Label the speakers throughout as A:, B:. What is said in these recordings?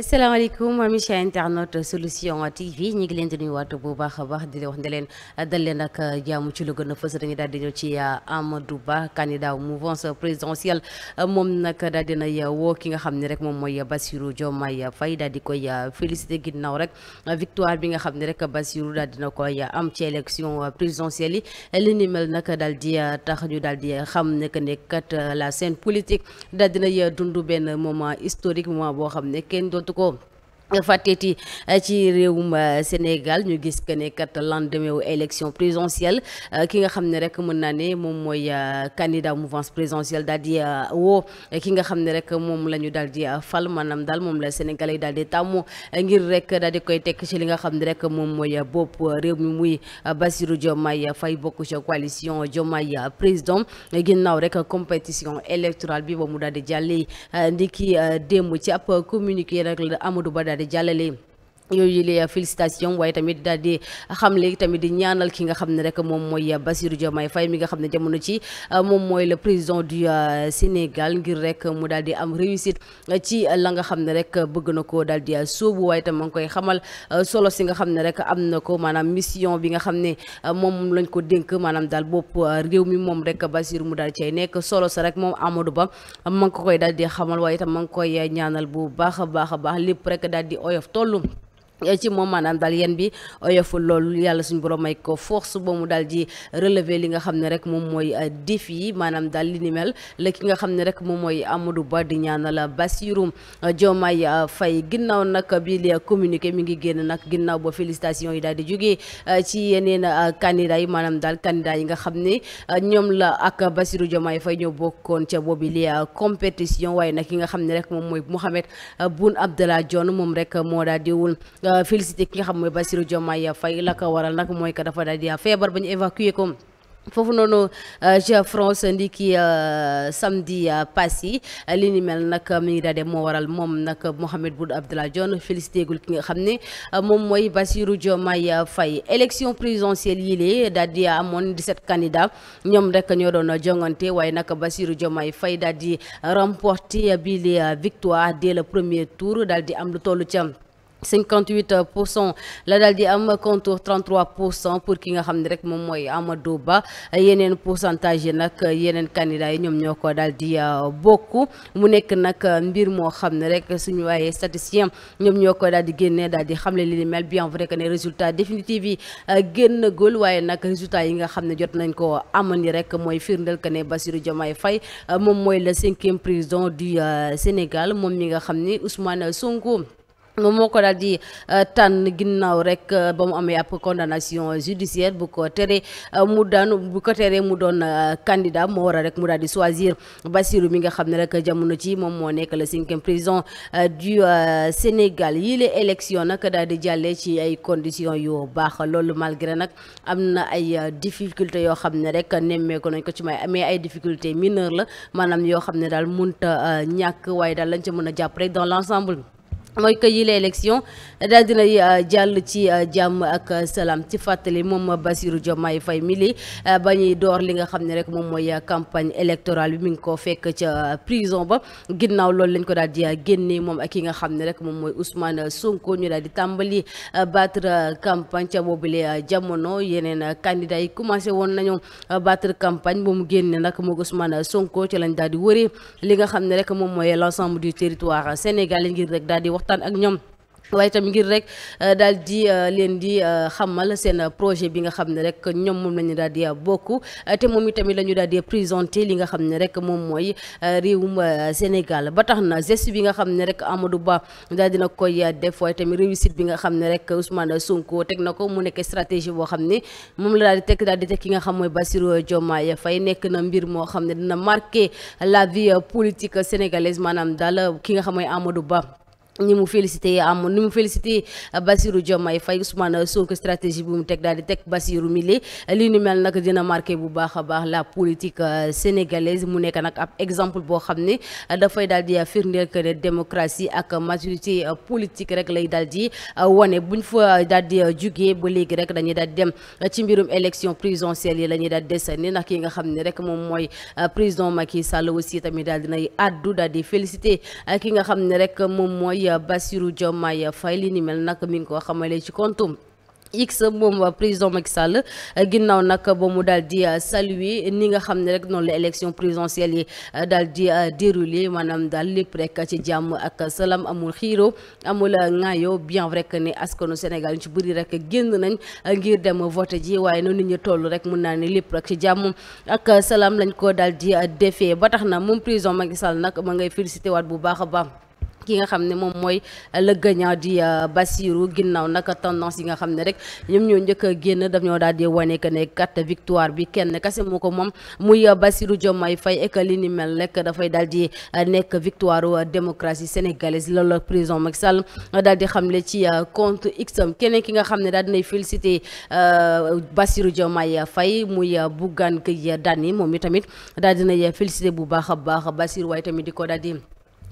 A: asalaamaaleykum amis chers internautes solution TV ñu ngi leen di nuyuwaat bu baax a baax di wax ne leen dal leen ak jàmm ci lu gën a fës daal di ñëw ci euh, Amadou Ba candidat mouvance présidentielle moom nag daal di nay woo ki nga xam ne rek moom mooy Bassirou Diomaye Faye daal di koy euh, félicité ginnaaw rek victoire bi nga xam ne rek Bassirou daal dina koy am ci élection euh, présidentielle yi li ni mel nag daal di tax ñu daal di xam ne que ne la scène politique daal dinay dund benn moment historique moment boo xam ne kenn 두고 fàtteeti euh, ci réewum euh, Sénégal ñu gis que ne kat lendemain wu élection présidentielle euh, ki nga xam ne rek mën naa ne moom mooy candidat mouvance présidentielle daal di woo ki nga xam ne rek moom la ñu daal di fal manam daal moom la sénégal daal di tàmmu ngir rek daal koy tekk ci li nga xam ne rek moom mooy bopp réew mi muy Bassirou Diomaye fay bokk ci coalition Diomaye président ginnaaw rek compétition électorale bi ba mu daal di jàllee ki démb ci ab daal di jàllale yooyu yële félicitation waaye tamit daal di léegi tamit di ñaanal ki nga xam ne rek moom mooy Bassirou Diomaye fay mi nga xam ne jamono ci moom mooy le président du euh, Sénégal ngir rek mu daal di am réussite ci la nga xam ne rek bëgg na ko daal di sóobu waaye tam ma ngi koy xamal euh, solo si nga xam ne rek am na ko maanaam mission bi nga xam ne euh, moom lañ ko dénk maanaam daal bopp réew mi moom rek Bassirou mu daal cay nekk solo sa rek moom Amadou Ba ma ngi ko koy daal di xamal waaye tam ma ngi koy ñaanal bu baax a baax a baax lépp rek daal di oyof tollu ci moom maanaam daal yéen bi oyoful loolu yàlla suñu borom may ko force ba mu daal di relever li nga xam ne rek moom mooy euh, défi yi maanaam daal li ni mel la ki nga xam ne rek moom mooy Amadou Ba di ñaanal Bassirou euh, Diomaye euh, Faye ginnaaw nag bii li communiqué mi ngi génn nag ginnaaw ba yi daal di jógee ci yeneen candidat yi maanaam daal candidat yi nga xam ne ñoom la ak Bassirou Diomaye Faye ñoo bokkoon ca boobu li compétition waaye nag ki nga xam ne rek moom mooy Mohamed Boun Abdallah Dionne moom rek moo daal di wul Euh, félicité ki nga xam mooy Bassirou Diomaye Faye la ko waral nag mooy que dafa daal di feebar ba ñu ko. foofu noonu ca euh, France ndiki euh, samedi passé li ni mel nag mi ngi daal de moo waral moom nag Mohamed Boun Abdallah Dionne félicité gul ki nga xam ne moom mooy bassiru Bassirou Diomaye Faye élection présidentielle yi lee daal di amoon 17 candidats ñoom rek ñoo doon jongante waaye nag Bassirou Diomaye Faye daal di remporté bii les victoire dès le premier tour daal di am lu tollu ca 58 pour cent la daal di am contour 33 pour cent pour ki nga xam ne rek moom mooy amado Ba yeneen pourcentage yi nag yeneen candidats yi ñoom ñoo ko daal di euh, bokk mu nekk nag mbir moo xam ne rek suñu waaye statisticien ñoom ñoo ko dal di génne daal di xamle li ni mel bien vrai que ne résultat définitif yi euh, génn gul waaye nag résultat yi nga xam ne jot nañ ko amani rek mooy firndeel que ne Bassirou Diomaye fay euh, moom mooy le cinquième président du Sénégal moom mi nga xam ni Ousmane Sonko. moom moo ko daal di euh, tànn ginnaaw rek euh, ba mu amee ab condamnation judiciaire bu ko teree euh, mu daan bu ko teree mu doon candidat moo war a rek mu daal di choisir Bassirou mi nga xam ne rek jamono ci moom moo nekk le cinquième président du Sénégal yii les élections nag daal di jàllee ci ay conditions yu baax loolu malgré nag am na ay difficultés yoo xam ne rek nemmeeku nañ ko ci may amee ay difficultés mineures la maanaam yoo xam ne daal munta ñàkk waaye daal lañ ca mën a jàpp rek dans l' mooy que yile élection daal dinay euh, jàll ci euh, jàmm ak euh, salaam ci fàttali moom Bassirou Diomaye Faye mi li ba ñuy door li nga xam ne rek moom mooy campagne électorale bi mi ngi ko fekk ca prison ba ginnaaw loolu lañ ko daal di génne moom ak ki nga xam ne rek moom mooy Ousmane Sonko ñu daal di tàmbali battre campagne ca boobule jamono yeneen candidats yi commencé woon nañu battre campagne ba mu génne nag moog Ousmane Sonko ci lañ daal di waree li nga xam ne rek moom mooy l'ensemble du territoire sénégalais ngir rek daal di wax waxtaan ak ñoom waaye tam ngir rek euh, daal di euh, leen di euh, xamal seen projet bi nga xam ne rek ñoom moom la ñu daal di bokk te moom itamit la ñu daal di présenté li nga xam ne rek moom mooy réewum Sénégal ba tax na geste bi nga xam ne rek Amadou Ba daal dina koy def waaye tamit réussite bi nga xam ne rek Ousmane Sonko teg na ko mu nekk stratégie boo xam ne moom la daal di teg daal di teg ki nga xam mooy Bassirou Diomaye fay nekk na mbir moo xam ne dina marqué la vie politique sénégalaise maanaam dal ki nga xam mooy Amadou Ba. ñi mu félicité am ni mu félicité euh, Bassirou ma Faye Ousmane Sonko stratégie bu mu teg daal di teg Bassirou Milé li nu mel nag dina marqué bu baax a baax la politique euh, sénégalaise mu nekk nag ab exemple boo xam ne euh, dafay daal di firndeel que dem démocratie ak maturité politique rek lay daal di wane buñ fa daal di jugee ba léegi rek dañuy daal di dem ci mbirum élection présidentielle yi la ñuy daal des ni nag yi nga xam ne rek moom mooy président ma Sall aussi tamit daal daal di félicité ki nga xam ne rek Bassirou Diomaye Faye li ni mel nag mi ngi ko xamale ci kontum x moom président Macky Sall ginnaaw nag ba mu daal di saluer ni nga xam ne rek noonu la élection présidentielle yi euh, daal di euh, déroulé maanaam daal lépp rek ci jàmm ak salaam amul xiiro amul ŋaayo bien vrai que ne askanu Sénégal ci bëri rek génn nañ euh, ngir dem vote ji waaye noonu nit toll rek mun naa ne lépp rek ci jàmm ak salaam lañ ko daal di defee ba tax na moom président Macky Sall nag ma ngay félicité waat bu baax a baax. ki nga xam ne moom mooy le gagnant di euh, bassiru ginnaaw nag tendance yi nga xam ne rek ñoom ñoo njëkk a génn daf ñoo daal di wane que ne kat victoire bi kenn kese moo ko moom muy euh, bassiru Diomaye Faye et que li ni mel rek dafay daal di euh, nekk victoire démocratie sénégalaise loolu la président Macky Sall daal di xamle ci compte xam keneen ki nga xam ne daal dinay félicité Bassirou Diomaye Faye muy Bougane Gueye Dany moom itamit tamit daal dinay félicité bu baax a baax Bassirou waaye tamit di ko daal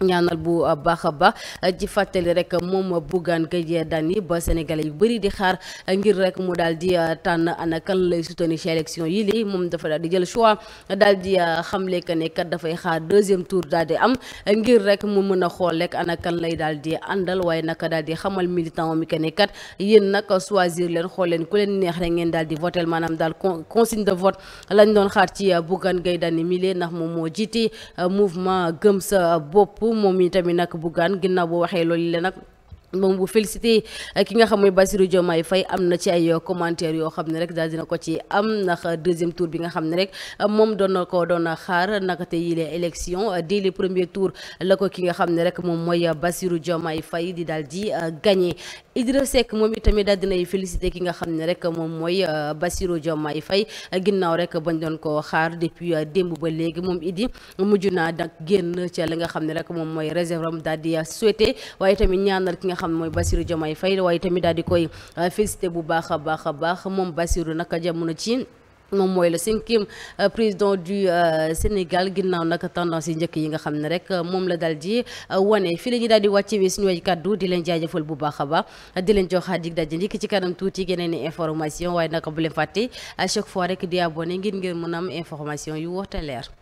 A: ñaanal bu baax a baax ci fàttali rek moom Bougane Gueye Dany ba sénégalais yu bëri di xaar ngir rek mu daal di tànn ana kan lay soutenir ci élection yi lii moom dafa daal di jël choix daal di xamle que ne kat dafay xaar deuxième tour daal di am ngir rek mu mën a xool rek ana kan lay daal di àndal waaye naka daal di xamal militant mi que ne kat yéen nag choisir leen xool leen ku leen neex rek ngeen daal di votel maanaam daal consigne de vote lañ doon xaar ci Bougane Gueye Dany mi moom moo jiite mouvement gëm sa bopp. moom itamit nag Bougane ginnaaw boo waxee loolu le nag moom bu félicité euh, ki nga xam mooy Bassirou Diomaye Faye am na ci ay commentaires yoo xam ne rek daal dina ko ci am ndax deuxième tour bi nga xam ne rek euh, moom doon na ko doon xaar nakate yi les élections euh, dès le premier tour la ko ki nga xam ne rek moom mooy Bassirou Diomaye Faye di daal di gagné Idrissa Seck moom itamit daal dinay félicité ki nga xam ne rek moom mooy Bassirou yi fay ginnaaw rek bañ doon ko xaar depuis démb ba léegi moom Idi mujj naa nag génn ci li nga xam ne rek moom mooy réserve am daal di waaye tamit ñaanal ki nga xam ne mooy Bassirou Diomaye Faye waaye tamit daal di koy euh, félicité bu baax a baax a baax moom Bassirou naka jamono ci moom mooy la le cinquième euh, président du euh, Sénégal ginnaaw nag tendance yi njëkk yi nga xam ne rek moom la daal di wane fii la ñuy daal di wàccewee suñu way kàddu di leen jaajëfal bu baax a baax di leen joxaat dig daje ndikk ci kanam tuuti yeneen i information waaye naka bu leen fàtte à chaque fois rek di abonné ngir ngeen mën a am information yu woote leer